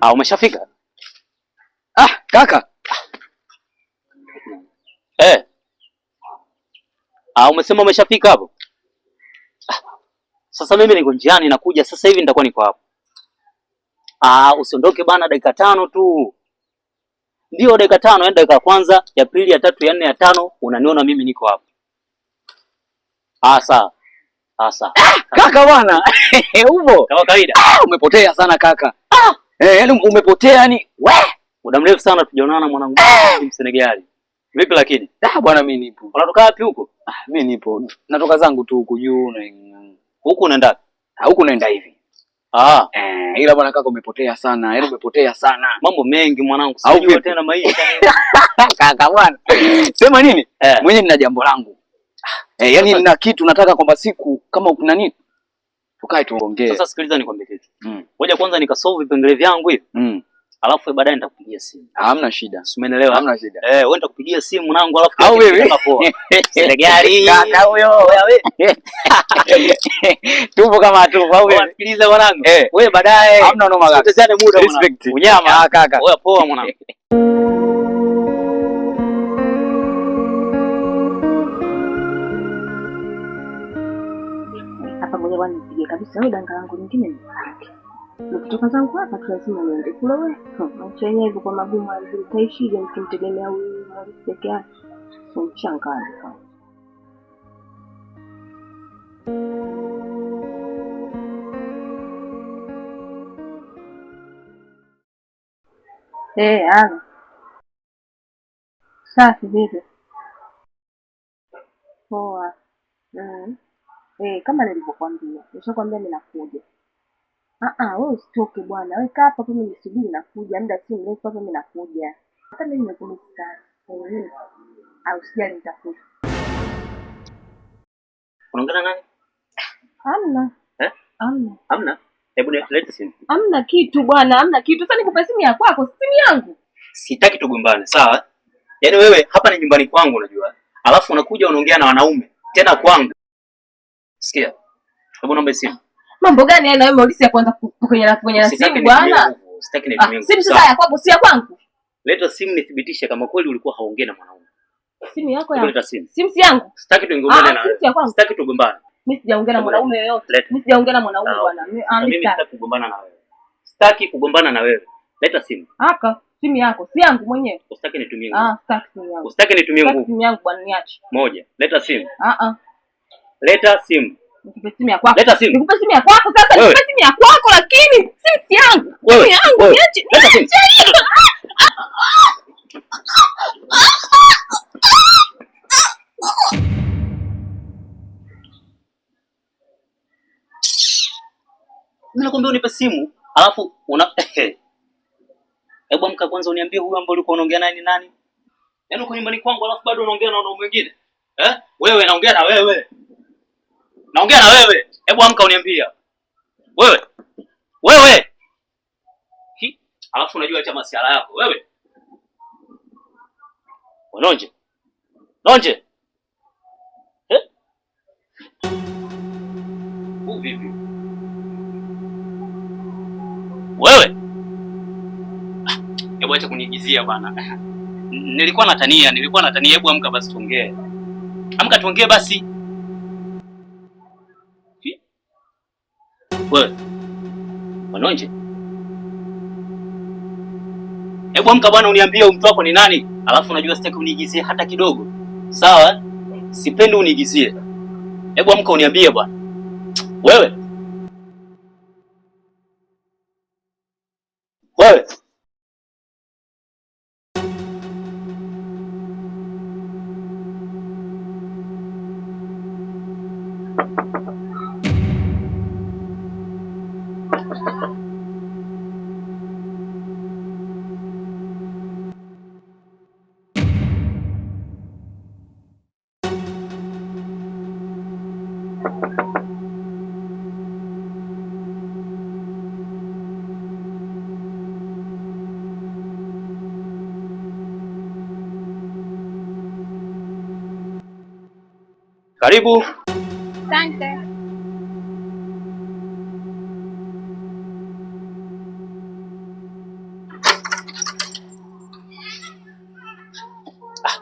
Ah, umeshafika? Ah, kaka. Eh. Ah, umesema umeshafika hapo? Ah, sasa mimi niko njiani nakuja sasa hivi nitakuwa niko hapo. Ah, usiondoke bana dakika tano tu. Ndio dakika tano, yaani dakika ya kwanza, ya pili, ya tatu, ya nne, ya tano unaniona mimi niko hapo. Ah, sawa. Ah, sawa. Ah, kaka bwana. Upo? Kama kawaida. Ah, umepotea sana kaka. Ah. Eh, yani umepotea yani. We, muda mrefu sana tujaonana mwanangu. Eh! Msenegali. Vipi lakini? Ah bwana mimi nipo. Unatoka wapi huko? Ah mimi nipo. Natoka zangu tu huko juu na huko unaenda. Ah huko unaenda hivi. Ah, eh, ila bwana kaka umepotea sana. Yaani umepotea sana. Mambo mengi mwanangu. Sijui tena maisha. Kaka bwana. Sema nini? Eh. Mwenye nina jambo langu. Ah, eh, yani nina kitu nataka kwamba siku kama kuna nini tukae tuongee. Sasa sikiliza nikwambie kitu. Mm. Ngoja kwanza nikasolve vipengele vyangu hivi. Mm. Alafu baadaye nitakupigia simu. Hamna shida. Umeelewa? Hamna shida. Eh, wewe nitakupigia simu mwanangu alafu au wewe. Sina gari. Na huyo, wewe. Tupo kama tu au wewe. Sikiliza mwanangu. Eh. Wewe baadaye. Hamna noma kaka. Tutesane muda mwanangu. Unyama kaka. Wewe poa mwanangu. moja bwana, nipige kabisa wewe danga langu nyingine nipate. Nikitoka zangu hapa tu lazima niende kule wewe. Hmm, Maisha yenyewe hivyo kwa magumu azili taishije mkimtegemea yaani huyu mwalimu peke yake. So mchanga sana. Eh, hey, ana. Safi vipi? Poa. Mm. Eh, kama nilivyokuambia, nishakwambia ninakuja. Ah ah, wewe usitoke bwana. Wewe kaa hapa mimi nisubiri nakuja. Muda si mrefu hapa mimi nakuja. Hata mimi nimekumbuka sana. Eh, au sijali nitakuja. Unaongea nani? Hamna. Eh? Hamna. Hamna. Hebu nilete simu. Hamna kitu bwana, hamna kitu. Sasa nikupe simu ya kwako, simu yangu. Sitaki tugombane, sawa? Yaani wewe hapa ni nyumbani kwangu unajua. Alafu unakuja unaongea na wanaume tena kwangu. Sikia. Hebu naomba simu. Mambo gani haya na wewe ulizi kwanza kwenye na kwenye simu bwana? Sitaki ah, ni mimi. Simu sasa ya kwangu si ya kwangu. Leta simu nithibitishe kama kweli ulikuwa haongei na mwanaume. Simu yako ya. Leta simu. Simu si yangu. Sitaki tuingombane ah, na. Simu ya kwangu. Sitaki tugombane. Mimi sijaongea na mwanaume yeyote. Mimi sijaongea na mwanaume bwana. Mimi mimi sitaki kugombana na wewe. Sitaki kugombana na wewe. Leta simu. Aka, Simu yako si yangu mwenyewe. Usitaki nitumie ah, nguvu. Ah, sitaki simu yangu. Usitaki nitumie nguvu. Simu yangu bwana niache. Moja. Leta simu. Ah ah. Leta simu. Leta simu. Nikupe simu ya kwako sasa, nikupe simu ya kwako lakini simu si yangu. Simu yangu. Leta simu. Mimi nakwambia unipe simu, alafu una Hebu amka kwanza uniambie huyu ambaye ulikuwa unaongea naye ni nani? Yaani uko nyumbani kwangu alafu bado unaongea na wanaume wengine? Eh? Wewe naongea na wewe. Naongea na wewe. Hebu amka uniambia. Wewe. Wewe. Alafu unajua acha masiara yako. Wewe. Wanonje. Nonje. Eh? Vipi? Wewe. Ah, hebu acha kuniigizia bwana. Nilikuwa natania, nilikuwa natania. Hebu amka basi tuongee. Amka tuongee basi. wewe Mwanonje, hebu amka bwana, uniambie mtu wako ni nani? Alafu unajua sitaki uniigizie hata kidogo, sawa? Sipendi unigizie Hebu amka uniambie bwana, wewe wewe Karibu. Asante.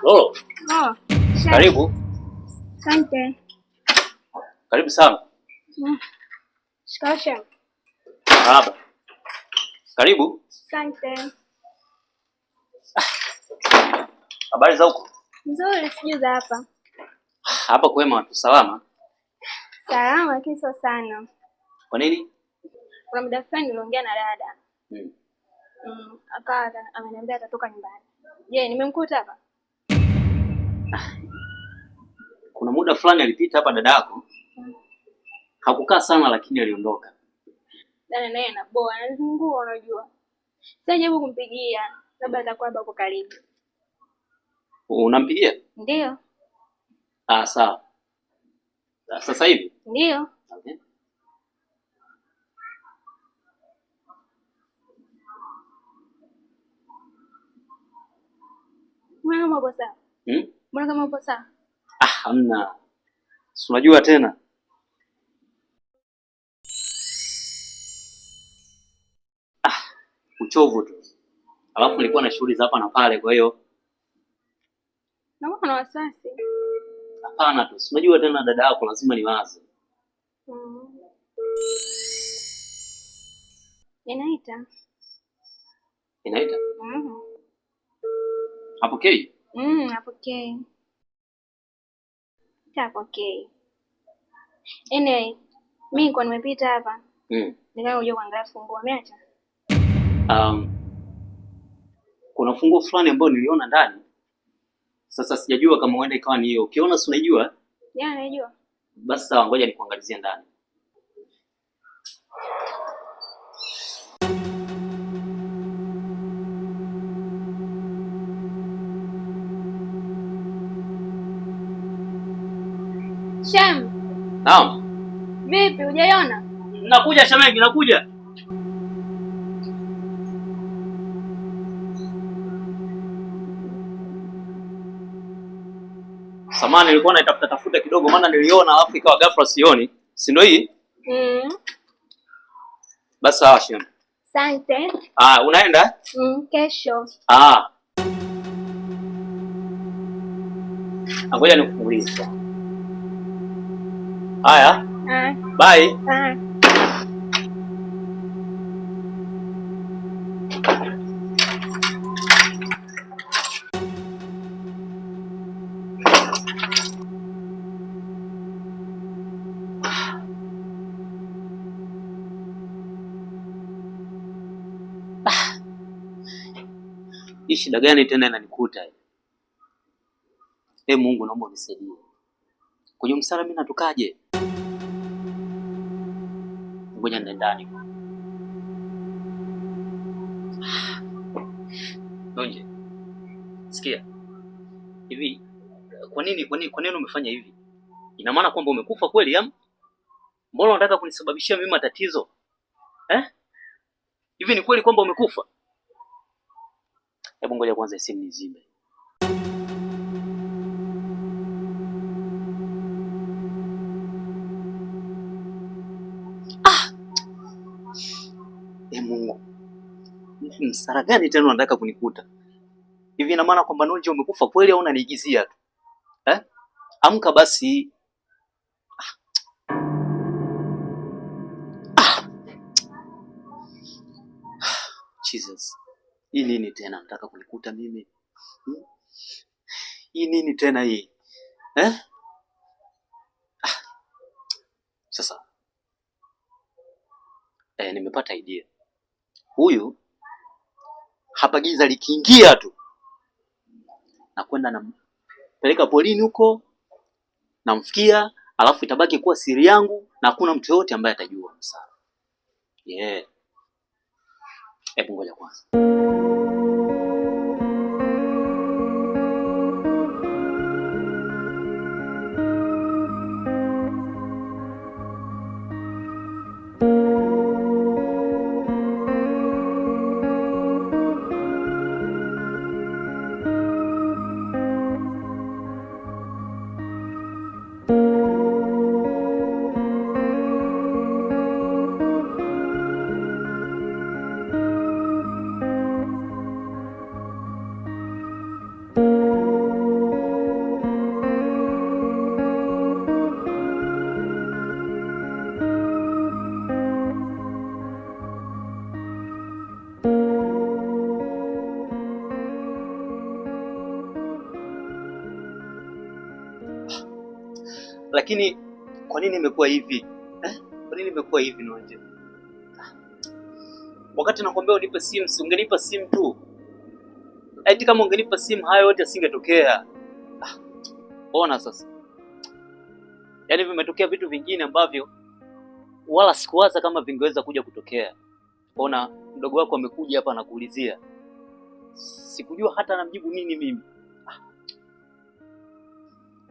Oh. Oh, karibu. Asante. Karibu sana. Mm. Shikamoo. Marahaba. Karibu. Asante. Habari za huko? Nzuri, sijui za hapa. Hapa kwema, watu salama? Salama lakini sio sana. Kwa nini? Kuna muda fulani niliongea na dada. Hmm. Mm, akawa ameniambia atatoka nyumbani. Je, nimemkuta hapa? kuna muda fulani alipita hapa dada yako, hakukaa sana, lakini aliondoka. Dada naye anaboa, anazungua, unajua. Sasa kumpigia, labda atakuwa hapo karibu. Unampigia? Ndio. Ah, sawa. Ah, sasa hivi? Ndio. Okay. Mama, bosa. Hmm? Mbona kama upo sawa? Ah, hamna. Si unajua tena. Ah, uchovu tu. Alafu nilikuwa na shughuli za hapa na pale kwa hiyo. Na mbona wasiwasi? Hapana tu. Si unajua tena dada yako lazima niwaze. Mm. Inaita. Inaita? Mhm. Mm. Hapo okay. Mm, napokei. Tapokei. Anyway, mimi nilikuwa nimepita hapa. Mm. Nikaanza kuja kuangalia funguo, umeacha? Um, kuna funguo fulani ambayo niliona ndani. Sasa sijajua kama huenda ikawa ni hiyo. Ukiona si unaijua? Yeah, najua. Basi sawa, ngoja nikuangalizie ndani. Shem. Naam. Vipi hujaiona? Nakuja shemeji, nakuja. Samani nilikuwa naitafuta tafuta kidogo maana niliona alafu ikawa ghafla sioni. Si ndio hii? Mm. Basi sawa Asante. Ah, unaenda? Mm, kesho. Ah. Ngoja nikuulize. Haya, ah. bye. Ah. Hii shida gani tena inanikuta? Ee Mungu, naomba unisaidie kwenye msara mimi natokaje? Ngoja nende ndani Donje. Sikia hivi, kwa nini kwa nini kwa nini umefanya hivi? Ina maana kwamba umekufa kweli am? Mbona unataka kunisababishia mimi matatizo eh? Hivi ni kweli kwamba umekufa? Hebu ngoja kwanza simu nizime. msara gani tena unataka kunikuta hivi? Ina maana kwamba Nonje umekufa kweli au unanigizia tu eh? Amka basi. Jesus. Hii nini tena nataka kunikuta mimi hmm? Hii nini tena hii eh? Ah. Sasa eh, nimepata idea huyu hapa giza likiingia tu nakwenda nampeleka polini huko, namfikia, alafu itabaki kuwa siri yangu na hakuna mtu yoyote ambaye atajua msara. Yeah. Hebu ngoja kwanza. lakini kwa nini imekuwa hivi eh? Kwa nini imekuwa hivi Naonje? Ah. Wakati nakwambia unipe simu, si ungenipa simu tu? Eti kama ungenipa simu hayo yote asingetokea. Ah, ona sasa, yaani vimetokea vitu vingine ambavyo wala sikuwaza kama vingeweza kuja kutokea. Ona mdogo wako amekuja hapa anakuulizia, sikujua hata namjibu nini mimi ah.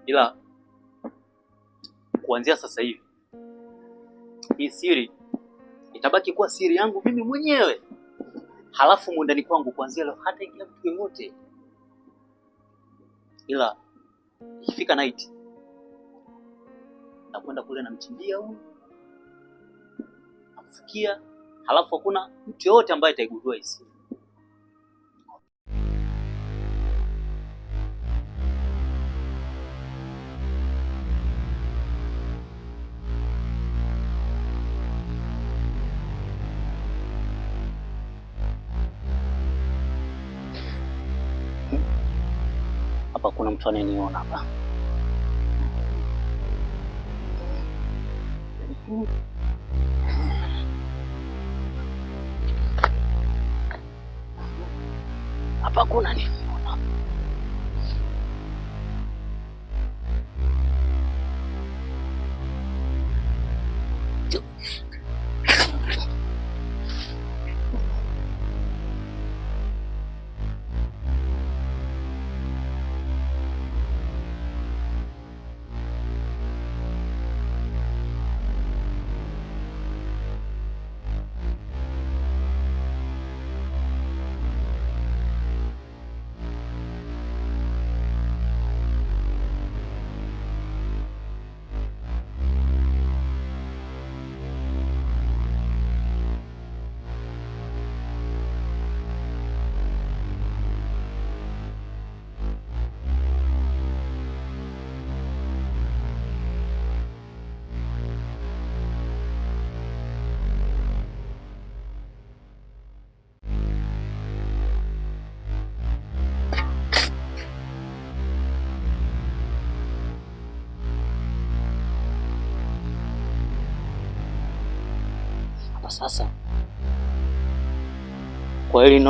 ila kuanzia sasa hivi hii siri itabaki kuwa siri yangu mimi mwenyewe, halafu mundani kwangu kuanzia leo hata ingia mtu yoyote, ila ikifika night nakwenda kule namchimbia huyu, namfukia, halafu hakuna mtu yoyote ambaye ataigundua hii siri. hapa, kuna mtu ananiona hapa. Hapa kuna nini? sasa kwa hili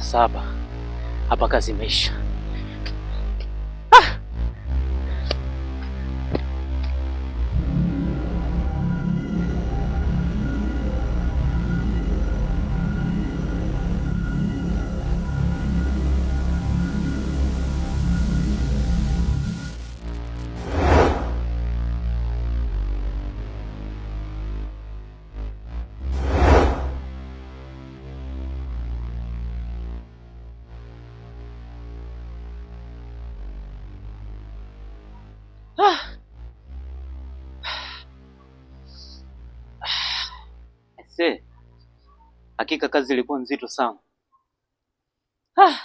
sasa mpaka zimeisha. Hakika kazi ilikuwa nzito sana. Ah,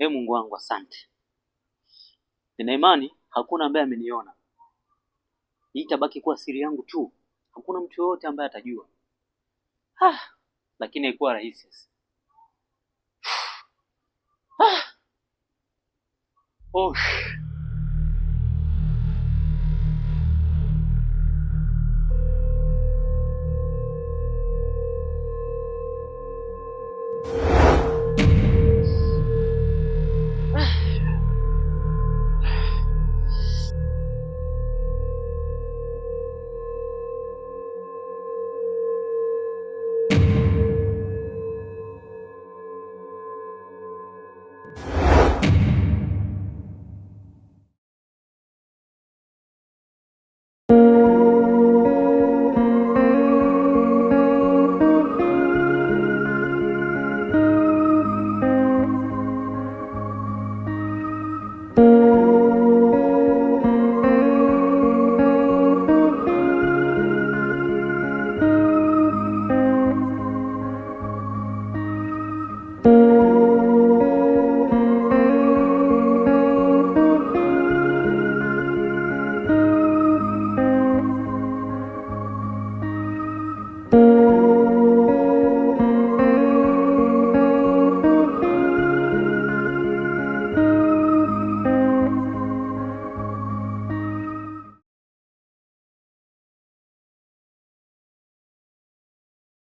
ee Mungu wangu, asante. Nina imani hakuna ambaye ameniona. Hii itabaki kuwa siri yangu tu, hakuna mtu yoyote ambaye atajua. Ah, lakini haikuwa rahisi sasa. Ah. Oh.